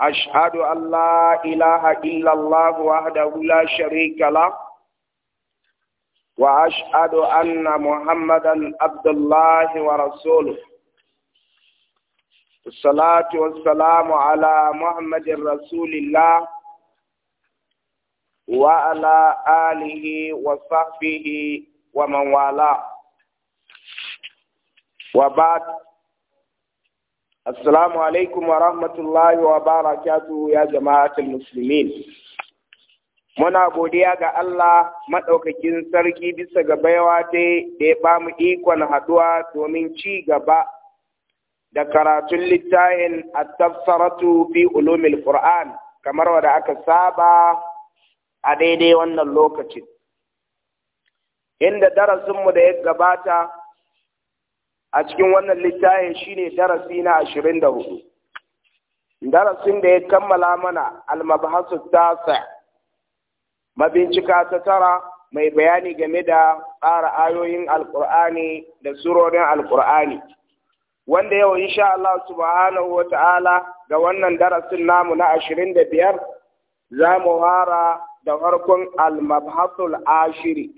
أشهد أن لا إله إلا الله وحده لا شريك له وأشهد أن محمدا عبد الله ورسوله الصلاة والسلام على محمد رسول الله وعلى آله وصحبه ومن والاه وبعد Assalamu alaikum wa rahmatullahi wa barakatu! ya jama'atul muslimin. Muna godiya ga Allah maɗaukakin sarki bisa ga baiwa ta da ya bamu ikon haɗuwa domin ci gaba da karatun littafin at-tafsiratu fi ulumil Qur'an kamar wanda aka saba a daidai wannan lokacin. Inda darasinmu da ya gabata a cikin wannan littafin shine darasi na ashirin darasin da ya kammala mana almabhasu tasa mabincika ta tara mai bayani game da tsara ayoyin alkur'ani da surorin alkur'ani wanda yau insha Allah subhanahu wa ta'ala ga wannan darasin namu na ashirin da za mu hara da farkon almabhasul ashiri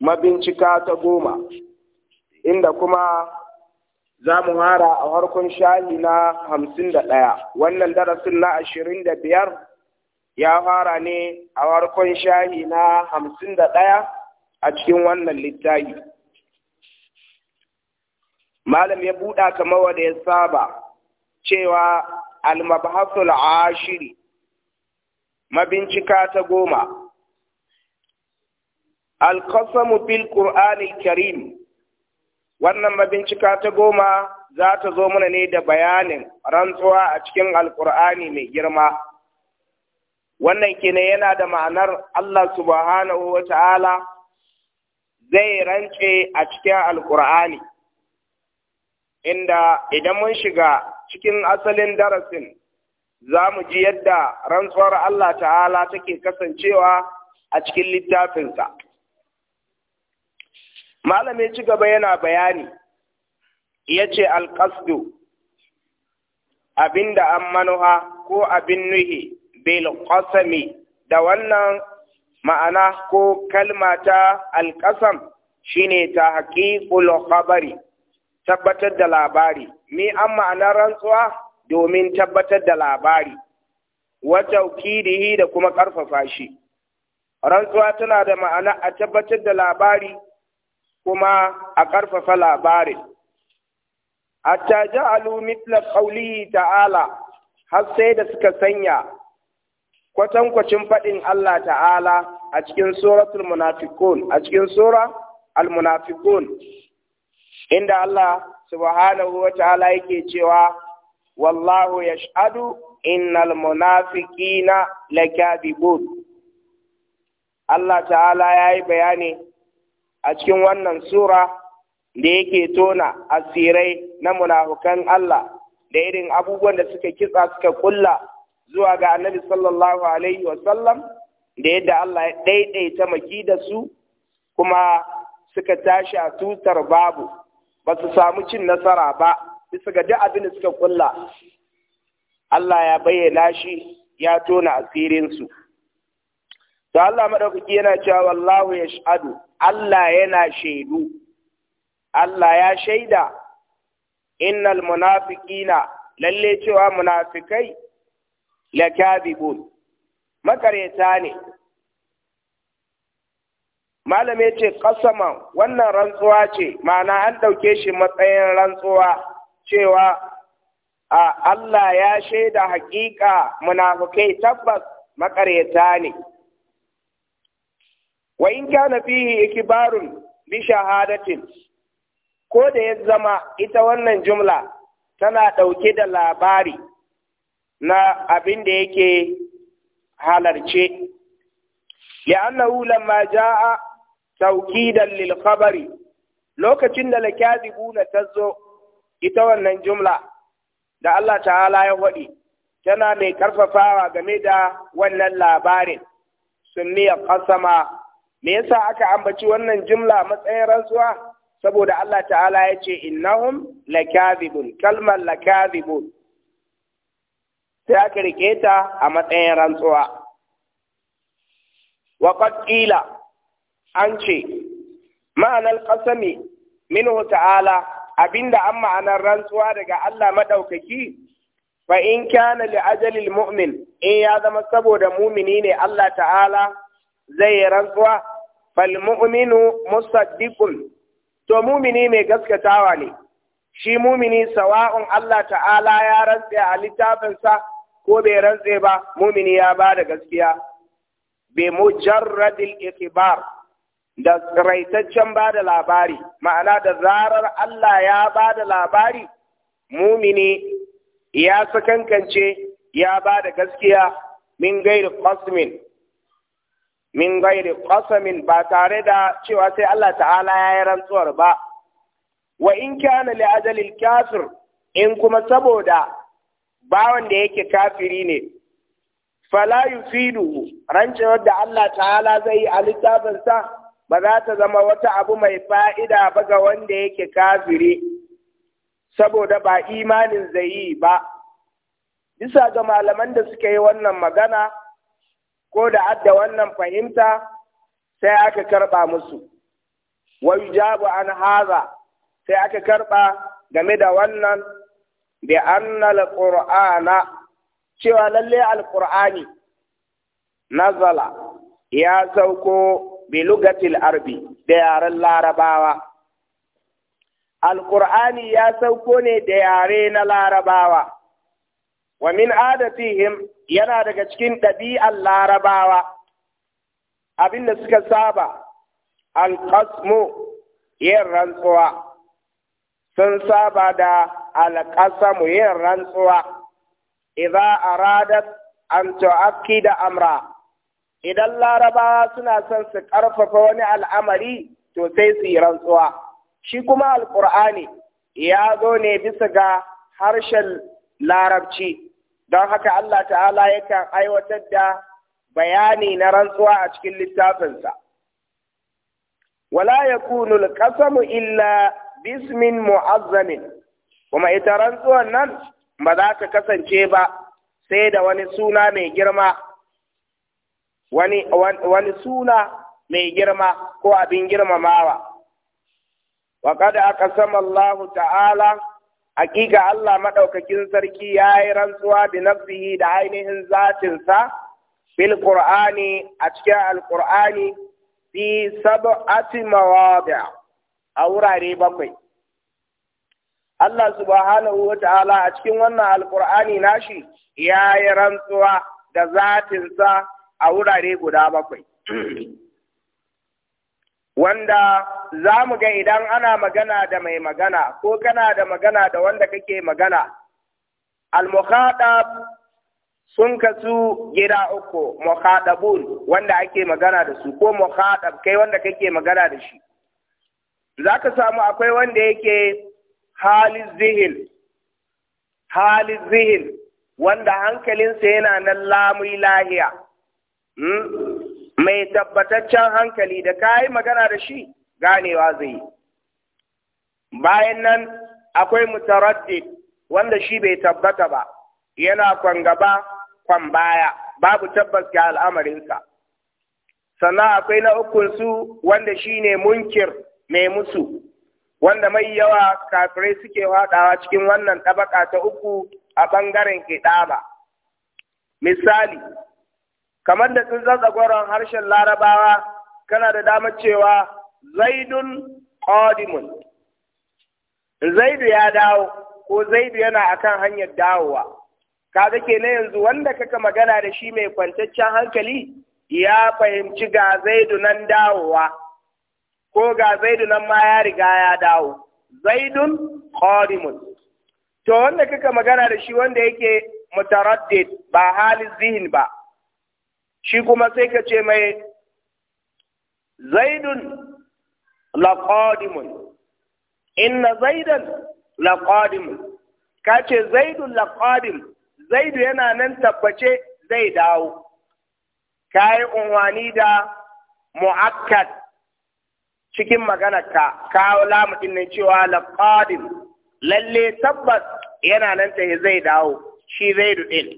mabincika ta goma inda kuma za mu hara a harkon shahi na hamsin da ɗaya wannan darasin na ashirin da biyar ya fara ne a harkon shahi na hamsin da ɗaya a cikin wannan littafi malam ya buɗa kamar wanda ya saba cewa almabhasul ashiri mabincika ta goma alkasamu bil qur'anil karim wannan mabincika ta goma za ta zo mana ne da bayanin rantsuwa a cikin alkur'ani mai girma wannan kenan yana da ma'anar Allah subhanahu wa ta'ala zai rance a cikin alkur'ani inda idan mun shiga cikin asalin darasin za mu ji yadda rantsuwar Allah ta'ala take kasancewa a cikin littafinsa. malam ya ci gaba yana bayani ya ce alƙasdu abinda an manuha ko abin nuhi bil qasami da wannan ma'ana ko kalma ta alƙasam shine ta haƙiƙul khabari tabbatar da labari mi an ma'ana rantsuwa domin tabbatar da labari wata da kuma ƙarfafa shi rantsuwa tana da ma'ana a tabbatar da labari kuma a ƙarfafa labarin hatta ja'alu mitla qawlihi ta'ala har sai da suka sanya kwatankwacin faɗin Allah ta'ala a cikin suratul munafiqun a cikin sura al-munafiqun inda Allah subhanahu wa ta'ala yake cewa wallahu yashhadu innal munafiqina lakadibun Allah ta'ala yayi bayani a cikin wannan sura da yake tona asirai na munafukan Allah da irin abubuwan da suka kitsa suka kulla zuwa ga annabi sallallahu alaihi wasallam da yadda Allah ya ɗaiɗaita maki da su kuma suka tashi a tutar babu ba su samu cin nasara ba bisa ga duk abin da suka kulla Allah ya bayyana shi ya tona asirinsu. to Allah madaukaki yana cewa wallahu yashhadu Allah yana shaidu Allah ya shaida innal munafiqina lalle cewa munafikai lakadibun makareta ne malam ya ce kasaman wannan rantsuwa ce ma'ana an ɗauke shi matsayin rantsuwa cewa a Allah ya shaida haƙiƙa munafukai tabbas makareta ne wa in na fihi ikibarun bi shahadatin ko da ya zama ita wannan jumla tana ɗauke da labari na abin da yake halarce li'annahu lamma a tawkidan da khabari lokacin da ta zo ita wannan jumla da Allah ta'ala ya faɗi tana mai karfafawa game da wannan labarin sunniya qasama me yasa aka ambaci wannan jumla matsayin rantsuwa saboda Allah ta'ala ya ce innahum lakazibun kalmar lakazibun sai aka rike ta a matsayin rantsuwa wa qila an ce ma'anar qasami minhu ta'ala abinda an ma'anar rantsuwa daga Allah madaukaki fa in kana li ajalil mu'min in ya zama saboda mumini ne Allah ta'ala zai rantsuwa muminu musaddiqun to mumini mai gaskatawa ne shi mumini sawa'un Allah ta'ala ya rantse a littafinsa ko bai rantse ba mumini ya ba da gaskiya bi mujarradil ikhbar da raitaccen ba da labari ma'ana da zarar Allah ya ba da labari mumini ya sakankance ya ba da gaskiya min gairi qasmin min gairi qasamin ba tare da cewa sai Allah ta'ala ya yi rantsuwar ba wa in kana li kafir in kuma saboda bawan da yake kafiri ne fala yufidu rantsuwar da Allah ta'ala zai yi a littafinsa ba za ta zama wata abu mai fa'ida ba ga wanda yake kafiri saboda ba imanin zai yi ba bisa ga malaman da suka yi wannan magana ko da adda wannan fahimta sai aka karɓa musu wa yujabu an haza sai aka karɓa game da wannan bi annal qur'ana cewa lalle alqur'ani nazala ya sauko bi lugatil arbi da yaren larabawa alqur'ani ya sauko ne da yare na larabawa wa min adatihim yana daga cikin ɗabi'ar larabawa abin da suka saba alƙasmu yin rantsuwa sun saba da alƙasamu yin rantsuwa idza aradat an da amra idan larabawa suna son su ƙarfafa wani al'amari to sai su yi rantsuwa shi kuma alƙur'ani ya zo ne bisa ga harshen larabci don haka Allah ta'ala yakan aiwatar da bayani na rantsuwa a cikin littafinsa wala ya al-qasamu illa bismin mu'azzamin kuma ita rantsuwan nan ba za ta kasance ba sai da wani suna mai girma wani, suna mai girma ko abin girmamawa wa kada aka sama Allah ta'ala hakika Allah maɗaukakin sarki ya yi rantsuwa bi nafsihi da ainihin zatinsa bil qur'ani a cikin alqur'ani fi sab'ati mawadi' a wurare bakwai Allah subhanahu wa ta'ala a cikin wannan alqur'ani nashi ya yi rantsuwa da zatinsa a wurare guda bakwai wanda za mu ga idan ana magana da mai magana ko kana da magana da wanda kake magana al-mukhatab sun kasu gida uku mukhadabun wanda ake magana da su ko mukhadab kai wanda kake magana da shi Za ka samu akwai wanda yake halin zihin halin zihin wanda hankalinsa yana nan lamun lahiya hmm? mai tabbataccen hankali da ka yi magana da shi ganewa zai yi. Bayan nan akwai mutaraddid wanda shi bai tabbata ba, yana kwan gaba kwan baya, babu tabbas ga al'amarinsa. Sannan akwai na ukunsu wanda shi ne munkir mai musu, wanda mai yawa kafirai suke haɗawa cikin wannan ɗabaƙa ta uku a ɓangaren kiɗaba. Misali, kamar da tsuntsan tsagoron harshen larabawa kana da damar cewa zaidun ƙodimun zaidu ya dawo ko zaidu yana akan hanyar dawowa kaga na yanzu wanda kaka magana da shi mai kwantaccen hankali ya fahimci ga zaidu nan dawowa ko ga zaidu nan ma ya riga ya dawo zaidun ƙodimun to wanda kaka magana da shi wanda yake mutaraddid ba halin zihin ba shi kuma sai ka ce mai zaidun laqadimun inna zaidan laqadimun ka ce zaidun laqadim zaidu yana nan tabbace zai dawo ka yi unwani da mu'akkad cikin ka kawo lamuɗin nan cewa laqadim lalle tabbas yana nan ta zai dawo shi zaidu ɗin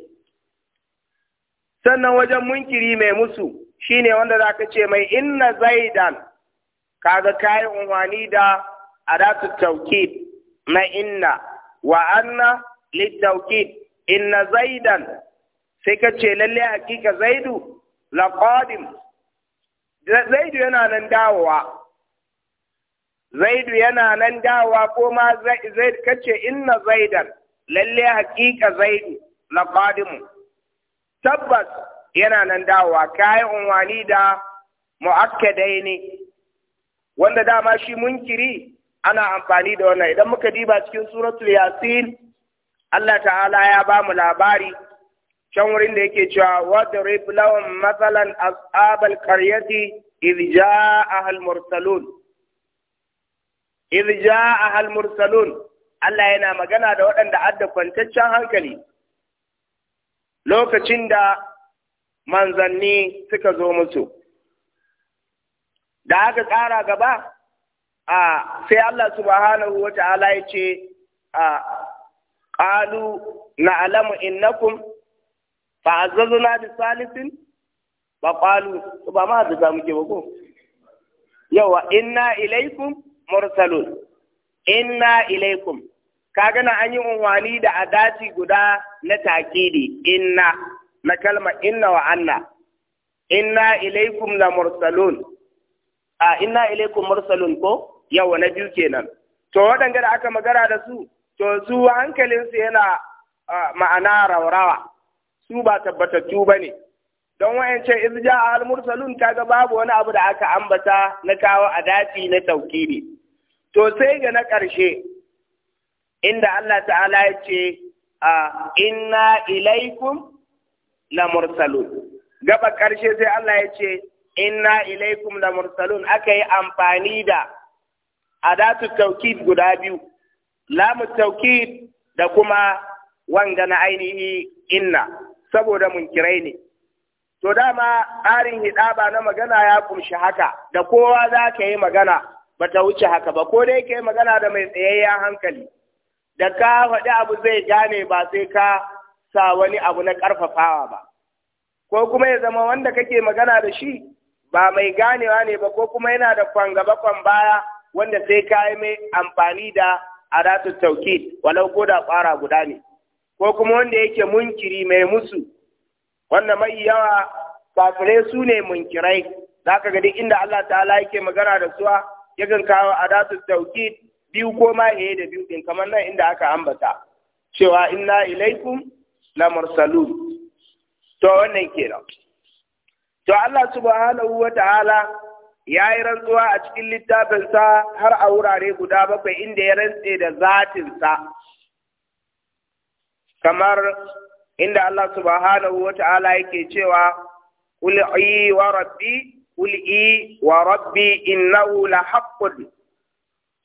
sannan wajen munkiri mai musu shine wanda za ka ce mai inna zaidan kaga kayan unwani da adatu taukid na inna wa anna litaukid inna zaidan sai ka ce lalle hakika zaidu laqadim zaidu yana nan dawowa zaidu yana nan dawowa ko ma zaid kace inna zaidan lalle hakika zaidu laqadim tabbas yana nan dawowa kayan unwani da mu'akkadai ne wanda dama shi munkiri ana amfani da wannan idan muka diba cikin suratul yasin Allah ta'ala ya ba mu labari can wurin da yake cewa Wata lahum mathalan ashabal qaryati idh ja'aha al-mursalun idh ja'aha al-mursalun Allah yana magana da waɗanda adda kwantaccen hankali lokacin da manzanni suka zo musu da aka tsara gaba a sai Allah subhanahu wa ta'ala ya ce a ƙalu na alamu innakum fa azzazuna bi salisin ba ƙalu ba ma da za muke ba ko yawa inna ilaikum mursalun inna ilaikum ka gana an yi unwani da adati guda na takidi inna na kalma inna wa anna inna ilaikum la mursalun a inna ilaikum mursalun ko yawa na biyu kenan to waɗanda da aka magara da su to su hankalinsu yana ma'ana raurawa su ba tabbatattu ba ne don wayancan izja al mursalun ga babu wani abu da aka ambata na kawo adati na tauki to sai ga na ƙarshe inda Allah ta'ala ya ce a inna ilaikum la mursalun gaba karshe sai Allah ya ce inna ilaikum la mursalun aka yi amfani da adatu tawkid guda biyu lamu tawkid da kuma wanga na ainihi inna saboda munkirai ne to dama tsarin hidaba na magana ya kumshi haka da kowa za ka yi magana bata wuce haka ba ko dai ka yi magana da mai tsayayyen hankali da ka faɗi abu zai gane ba sai ka sa wani abu na ƙarfafawa ba ko kuma ya zama wanda kake magana da shi ba mai ganewa ne ba ko kuma yana da kwan gaba kwan baya wanda sai ka yi mai amfani da adatu tauki walau ko da ƙwara guda ne ko kuma wanda yake munkiri mai musu wanda mai yawa kafire su ne munkirai za ka ga duk inda Allah ta'ala yake magana da suwa yakan kawo adatu tauki biyu ko ma eh da biyu ɗin kamar nan inda aka ambata cewa inna ilaikum la mursalun to wannan kenan to Allah subhanahu wa ta'ala ya yi rantsuwa a cikin littafinsa har a wurare guda bakwai inda ya rantse da zatinsa kamar inda Allah subhanahu wa ta'ala yake cewa qul wa rabbi qul wa rabbi innahu la haqqun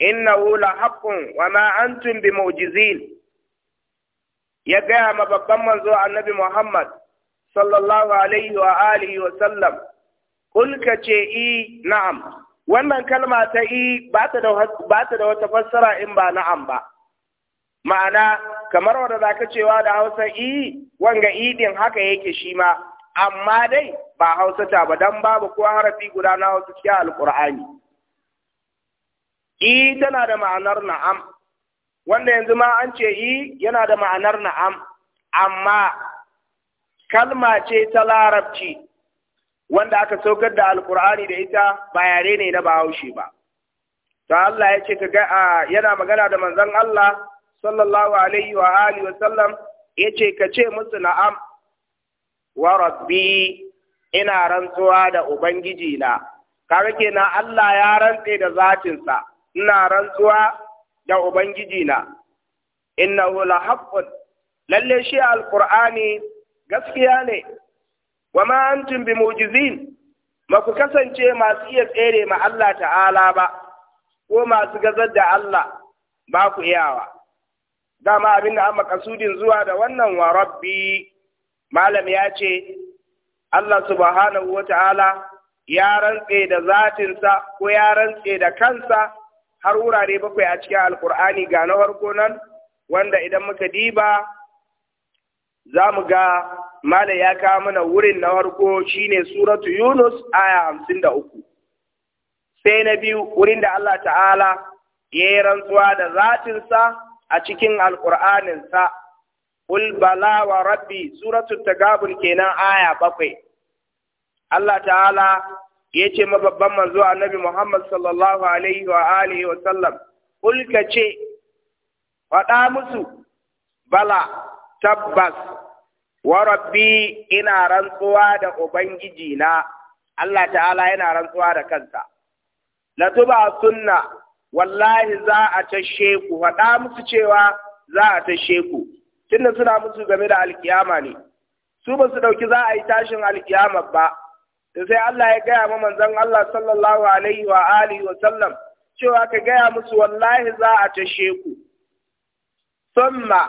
innahu la haqqun wa ma antum bi mu'jizin ya gaya ma babban manzo annabi Muhammad sallallahu alaihi wa alihi wa sallam kul ka ce i na'am wannan kalma ta i ba ta da wata fassara in ba na'am ba ma'ana kamar wanda ka cewa da Hausa i wanga i din haka yake shi ma amma dai ba Hausa ta ba dan babu ko harafi guda na Hausa cikin Alqur'ani i e, tana da ma'anar na'am wanda yanzu ma an ce i e, yana da ma'anar na'am amma kalma ce ta larabci wanda aka saukar da alkur'ani da ita ba yare ne na bahaushe ba ta Allah ya ce ga yana magana da manzon Allah sallallahu alaihi wa alihi wa sallam ya ce ka ce musu na'am wa rabbi ina rantsuwa da ubangiji na kaga kenan Allah ya rantse da zatinsa ina rantsuwa da ubangiji na Inna Ulahabun lalle shi alqur'ani gaskiya ne wa ma bi mu'jizin ma ku kasance masu iya tsere ma Allah ta'ala ba ko masu gazar da Allah ba ku iyawa dama abin da an makasudin zuwa da wannan wa rabbi malam ya ce Allah subhanahu wa ta'ala ya rantse da zatinsa ko ya rantse da kansa har wurare bakwai a cikin alkur'ani ga na farko nan wanda idan muka diba za mu ga mala ya kawo mana wurin na farko shine suratu yunus aya hamsin da uku sai na biyu wurin da allah ta'ala ya yi rantsuwa da zatinsa a cikin alkur'aninsa Qul bala wa rabbi suratu tagabun kenan aya bakwai Allah ta'ala ya ce mababban manzo annabi Muhammad sallallahu alaihi wa alihi wa sallam ulka ce faɗa musu bala tabbas wa rabbi ina rantsuwa da ubangiji na Allah ta'ala yana rantsuwa da kansa la tuba sunna wallahi za a tashe ku faɗa musu cewa za a tashe ku tunda suna musu game da alkiyama ne su ba su ɗauki za a yi tashin alkiyama ba sai Allah ya gaya ma manzon Allah sallallahu alaihi wa alihi wa sallam cewa ka gaya musu wallahi za a tashe ku summa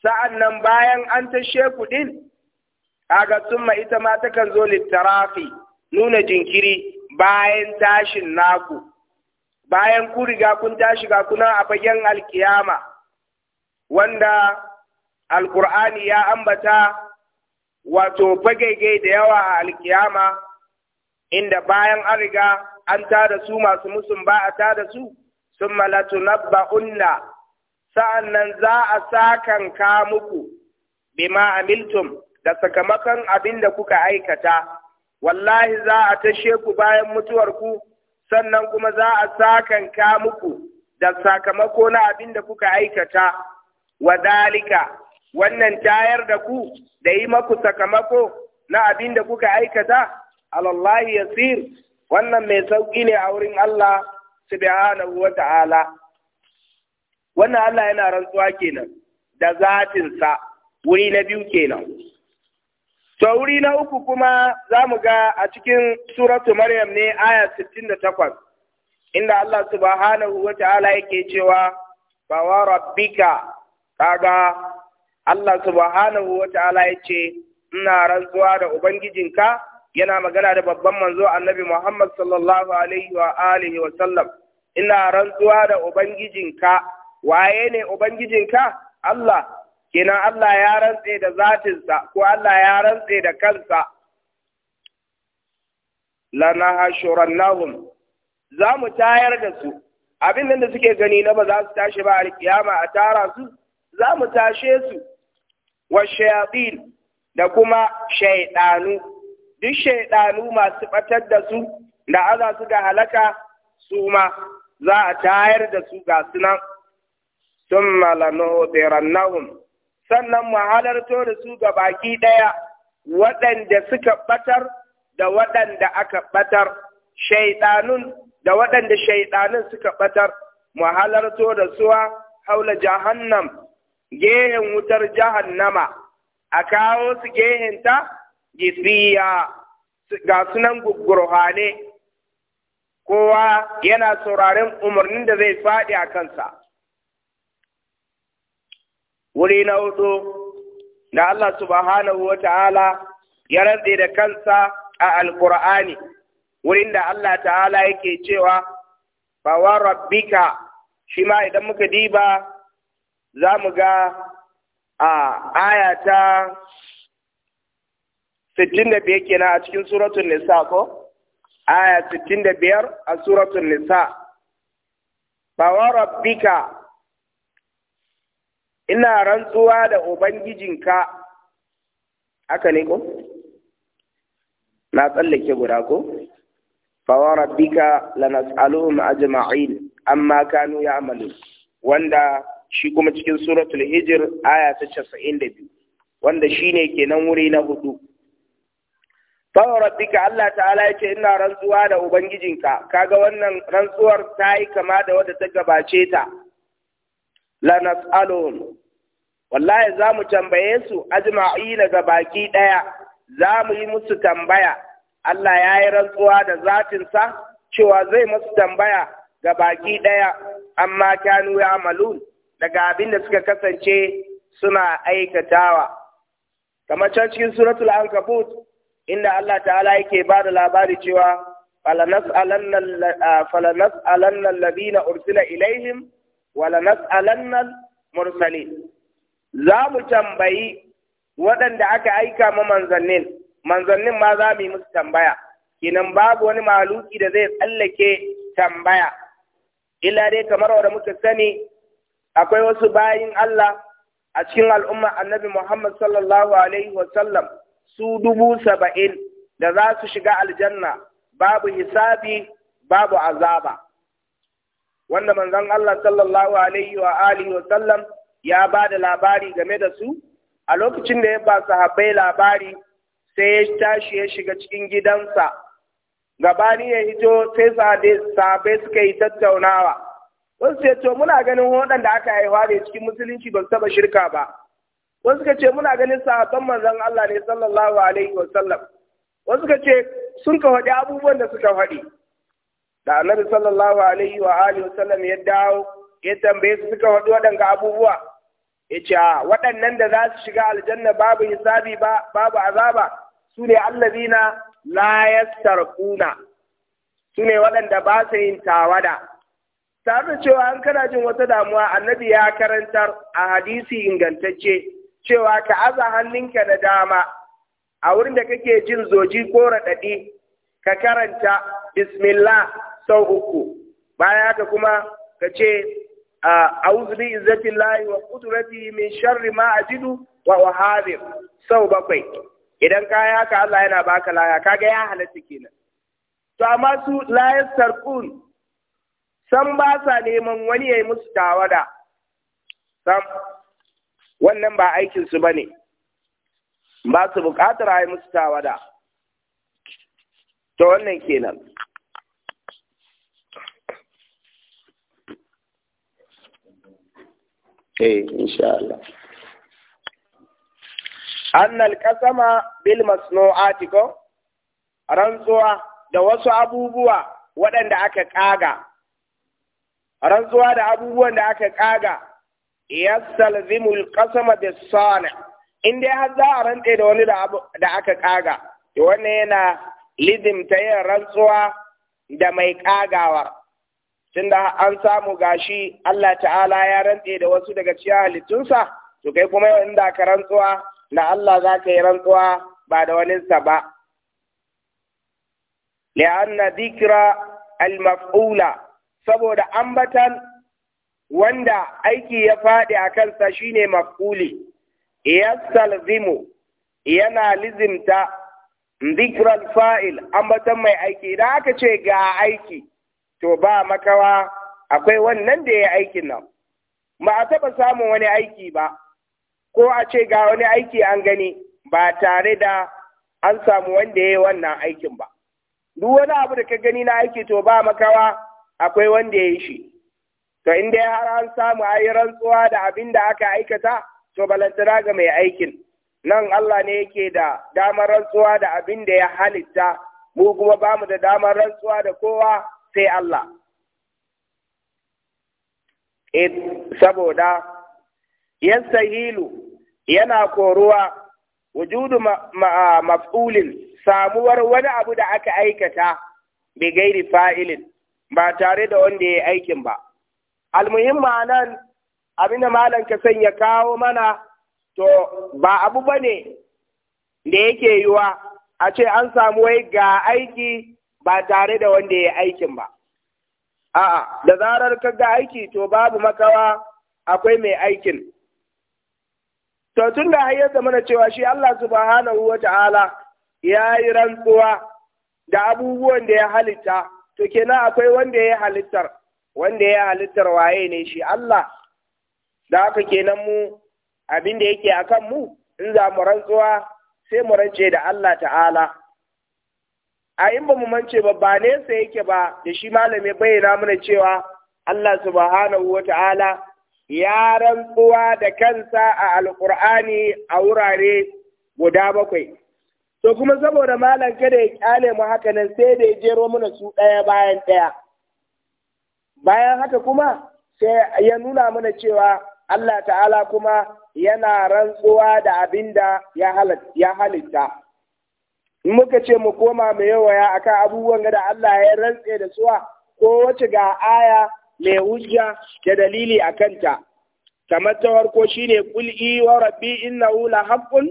sa'an nan bayan an tashe ku din kaga summa ita ma takan zo littarafi nuna jinkiri bayan tashin naku bayan ku riga kun tashi ga kuna a fagen alkiyama wanda alkur'ani ya ambata wato fagege da yawa a alkiyama inda bayan an riga an tada su masu musun ba a ta da su sun malatu nabba'unna sa'an nan za a sakan ka muku bima amiltum da sakamakon abin da kuka aikata wallahi za a tashe ku bayan mutuwar ku, sannan kuma za a sakan ka muku da sakamako na abin da kuka aikata Wadalika, wannan tayar da ku da yi maku sakamako na abin da kuka aikata alallahi yasir wannan mai sauki ne a wurin Allah subhanahu wa ta'ala wannan Allah yana rantsuwa kenan da zatinsa wuri na biyu kenan to wuri na uku kuma za mu ga a cikin suratu maryam ne aya 68 inda Allah subhanahu wa ta'ala yake cewa ba wa rabbika kaga Allah subhanahu wa ta'ala yace ina rantsuwa da ubangijinka yana magana da babban manzo annabi Muhammad sallallahu alaihi wa alihi wa sallam ina rantsuwa da ubangijinka waye ne ubangijinka Allah kenan Allah ya rantse da zatinsa ko Allah ya rantse da kansa lanahshurannahum za mu tayar da su abin da suke gani na ba za su tashi ba alkiyama a tara su za mu tashe su wa shayatin da kuma Shaiɗanu. duk shaidanu masu batar da su da aza su ga halaka su ma za a tayar da su ga sunan sun malanuhu sannan mu halarto da su ga baki ɗaya waɗanda suka batar da waɗanda aka ɓatar shaiɗanun da waɗanda shaiɗanun suka ɓatar mu halarto da suwa haula jahannam gehen wutar jahannama a kawo su gehenta jisiya ga sunan gurhane kowa yana sauraren umarnin da zai faɗi a kansa wuri na hudu da Allah subhanahu wa ta'ala ya rantse da kansa a alkur'ani wurin da Allah ta'ala yake cewa bawa rabbika shi ma idan muka diba za mu ga a ayata 65 kenan a cikin suratul nisa ko aya 65 a suratul nisa ba wa rabbika ina rantsuwa da ubangijinka haka ne ko na tsallake guda ko fa wa rabbika lanas'aluhum ajma'in amma kanu ya'malun wanda shi kuma cikin suratul hijr aya ta 92 wanda shine kenan wuri na hudu fawarabbika Allah ta'ala ya ce ina rantsuwa da ubangijinka kaga wannan rantsuwar ta yi kama da wadda ta gabace ta la nas'aluhum wallahi za mu tambaye su ajma'ina ga baki ɗaya, za mu yi musu tambaya Allah ya yi rantsuwa da zatinsa cewa zai musu tambaya ga baki ɗaya amma kanu ya malun daga abin da suka kasance suna aikatawa kamar can cikin suratul ankabut inda Allah ta'ala yake ba da labari cewa falanas'alanna alladhina ursila ilaihim wa lanas'alanna mursalin za mu tambayi waɗanda aka aika ma manzannin manzannin ma za mu yi musu tambaya kenan babu wani mahaluki da zai tsallake tambaya illa dai kamar wanda muka sani akwai wasu bayin Allah a cikin al'umma annabi Muhammad sallallahu alaihi wa sallam su dubu saba'in da za su shiga aljanna babu hisabi babu azaba wanda manzon Allah sallallahu alaihi wa alihi wa sallam ya ba da labari game da su a lokacin da ya ba sahabbai labari sai ya tashi ya shiga cikin gidansa gabani ya hito sai sahabbai suka yi tattaunawa wasu ya ce muna ganin waɗanda aka haihuwa da cikin musulunci ba su taɓa shirka ba wasu suka ce muna ganin sahabban manzon Allah ne sallallahu alaihi wa sallam wasu suka ce sun ka faɗi abubuwan da suka faɗi da annabi sallallahu alaihi wa alihi wa sallam ya dawo ya tambaye su suka faɗi waɗanga abubuwa ya ce waɗannan da za su shiga aljanna babu hisabi ba babu azaba su ne allazina la yastarquna su ne waɗanda ba su yin tawada tare da cewa an kana jin wata damuwa annabi ya karantar a hadisi ingantacce cewa ka aza hannunka na dama a wurin da kake jin zoji ko raɗaɗi ka karanta bismillah sau uku baya ka kuma ka ce a'udhu izzatin layi wa qudratihi min sharri ma ajidu wa uhadir sau bakwai idan ka yi haka Allah yana baka laya kaga ya halatta kenan to amma su layar sarkun san ba sa neman wani ya yi musu tawada wannan ba aikinsu ba ne ba su buƙatar a yi musu tawada ta wannan kenan eh insha Allah annal qasama bil masnu'ati ko rantsuwa da wasu abubuwa waɗanda aka ƙaga rantsuwa da abubuwan da aka ƙaga yastalzimu alqasama bis-sani in dai har za a rantse da wani da aka kaga to wannan yana lidim yin rantsuwa da mai kagawar tunda an samu gashi Allah ta'ala ya rantse da wasu daga cikin halittunsa to kai kuma yau inda ka rantsuwa da Allah za ka yi rantsuwa ba da waninsa ba li'anna dhikra al-maf'ula saboda ambatan wanda aiki ya faɗi a kansa shine maf'uli salzimu, yana lizimta zikiran fa'il batan mai aiki idan aka ce ga aiki to ba makawa akwai wannan da ya aikin nan ba a taɓa samun wani aiki ba ko a ce ga wani aiki an gani ba tare da an samu wanda ya yi wannan aikin ba duk wani abu da ka gani na aiki to ba makawa akwai wanda ya yi shi to in ya har an samu ayi rantsuwa da abin da aka aikata to balantana ga mai aikin nan Allah ne yake da damar rantsuwa da abin da ya halitta mu kuma ba mu da damar rantsuwa da kowa sai Allah saboda sahilu yana koruwa wujudu maf'ulin samuwar wani abu da aka aikata bi gairi fa'ilin ba tare da wanda ya yi aikin ba almuhim nan, abinda malam ka sanya kawo mana to ba abu bane da yake yiwa a ce an samu wai ga aiki ba tare da wanda ya aikin ba a'a da zarar ka ga aiki to babu makawa akwai mai aikin to tun da har mana cewa shi Allah subhanahu wa ta'ala ya yi rantsuwa da abubuwan da ya halitta to kenan akwai wanda ya halittar wanda ya halittar waye ne shi Allah da haka kenan mu abin da yake akan mu in za mu rantsuwa sai mu rance da Allah ta'ala a in ba mu mance ba ba nesa yake ba da shi malami bayyana mana cewa Allah subhanahu wa ta'ala ya rantsuwa da kansa a Alƙur'ani a wurare guda bakwai to kuma saboda malam kada ya kyale mu haka nan sai da ya jero mana su ɗaya bayan ɗaya bayan haka kuma sai ya nuna mana cewa Allah ta'ala kuma yana rantsuwa da abin da ya halitta in muka ce mu koma mai yawaya akan abubuwan da Allah ya rantse da suwa ko wace ga aya mai hujja da dalili a kanta kamar ta farko shine qul i wa rabbi innahu la haqqun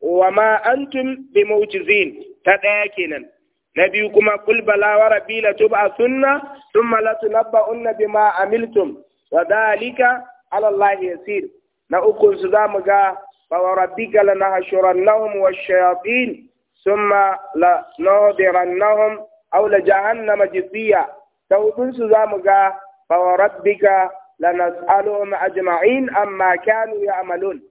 wa ma antum bimu'jizin ta ɗaya kenan نبيكما قل بلا وربي لتبعثن ثم لتنبؤن بما عملتم وذلك على الله يسير نأكل سلام جاء فوربك لنهشرنهم والشياطين ثم لنهدرنهم أو لجهنم جثية تأكل سلام جاء فوربك لنسألهم أجمعين أما كانوا يعملون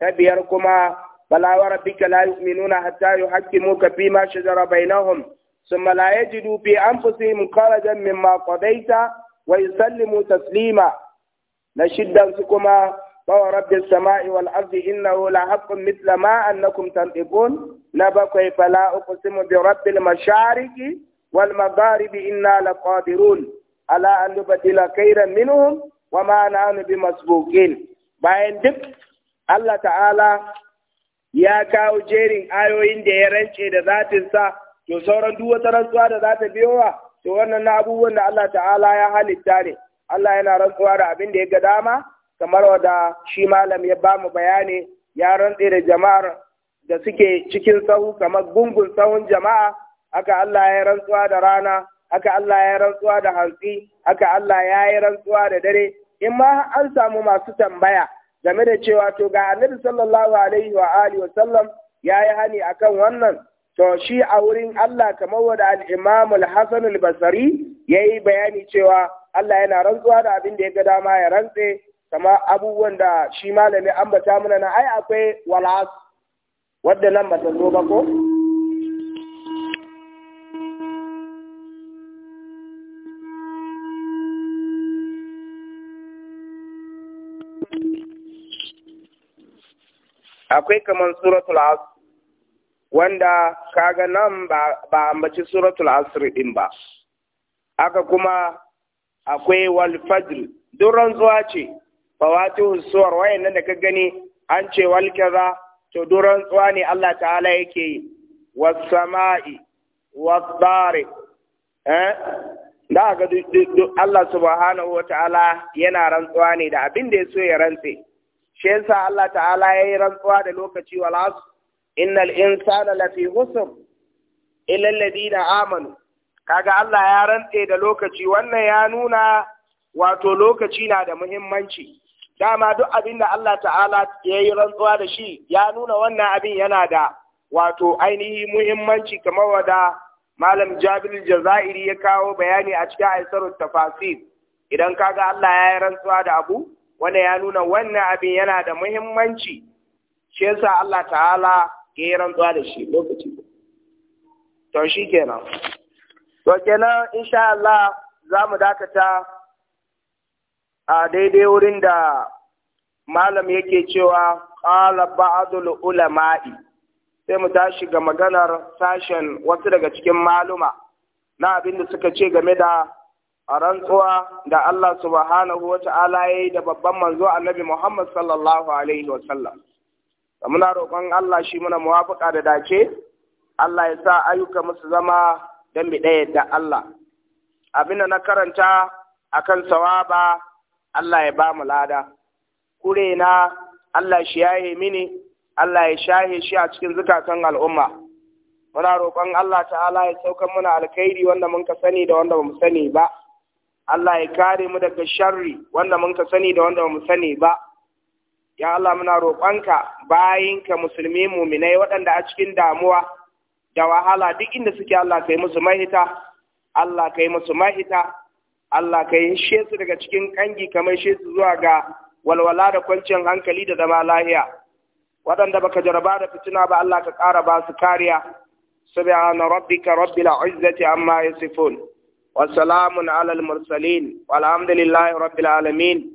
تبيركما بلا وربك لا يؤمنون حتى يحكموك فيما شجر بينهم ثم لا يجدوا في أنفسهم خرجا مما قضيت ويسلموا تسليما نشدا سكما فورب السماء والأرض إنه لحق مثل ما أنكم تنطقون نبقي فلا أقسم برب المشارق والمغارب إنا لقادرون على أن نبدل خيرا منهم وما نحن بمسبوقين bayan duk Allah ta'ala ya kawo jerin ayoyin da ya rance da zatinsa to sauran duk wata rantsuwa da za ta biyo wa? to wannan na abubuwan da Allah ta'ala ya halitta ne Allah yana rantsuwa da abin da ya ga dama kamar wada shi malam ya ba mu bayani ya rantse da jama'ar da suke cikin sahu kamar gungun sahun jama'a haka Allah ya rantsuwa da rana haka Allah ya rantsuwa da hantsi haka Allah ya yi rantsuwa da dare in ma an samu masu tambaya game da cewa to ga annabi sallallahu alaihi wa alihi wa sallam ya hani akan wannan to shi a wurin Allah kamar wada al-Imam al-Hasan al-Basri yayi bayani cewa Allah yana rantsuwa da abin da ya ga dama ya rantse kama abubuwan da shi malami an bata mana na ai akwai walas wadda nan ba ta zo ba ko akwai kamar suratul asr wanda kaga nan ba ambaci suratul asr din ba aka kuma akwai wal fajr duk rantsuwa ce fawatihu suwar wayannan da ka gani an ce wal kaza to duk rantsuwa ne Allah ta'ala yake yi was sama'i was tariq eh da ga Allah subhanahu wata'ala yana rantsuwa ne da abin da ya so ya rantse shi yasa Allah ta'ala yayi rantsuwa da lokaci wal innal insana lafi husr illa na amanu kaga Allah ya rantse da lokaci wannan ya nuna wato lokaci na da muhimmanci dama duk abin da Allah ta'ala ya yi rantsuwa da shi ya nuna wannan abin yana da wato ainihi muhimmanci kamar wada malam jabir jazairi ya kawo bayani a cikin aisarun tafasir idan kaga Allah ya yi rantsuwa da abu wanda ya nuna wannan abin yana da muhimmanci shi yasa Allah ta'ala Geran zuwa da shi lokaci to shi kenan to kenan insha Allah za mu dakata a daidai wurin da malam yake cewa qala ba'dul ulama'i sai mu tashi ga maganar sashen wasu daga cikin maluma na abin da suka ce game da rantsuwa da Allah subhanahu wa ta'ala ya da babban manzo annabi Muhammad sallallahu alaihi wa sallam muna roƙon Allah shi muna muwafaƙa da dace Allah ya sa ayyuka musu zama don mu ɗaya da Allah abin da na karanta akan sawaba Allah ya ba mu lada kure na Allah shi ya yi mini Allah ya shahe shi a cikin zukatan al'umma muna roƙon Allah ta'ala ya sauka muna alkhairi wanda mun ka sani da wanda ba mu sani ba Allah ya kare mu daga sharri wanda mun ka sani da wanda ba mu sani ba ya Allah muna roƙonka bayinka musulmi muminai waɗanda a cikin damuwa da wahala duk inda suke Allah kai musu mahita Allah kai musu mahita Allah kai hishe su daga cikin ƙangi kamar shi su zuwa ga walwala da kwanciyar hankali da zama lahiya waɗanda baka jaraba da fitina ba Allah ka ƙara ba su kariya subhana rabbika rabbil izzati amma yasifun wa salamun alal mursalin walhamdulillahi rabbil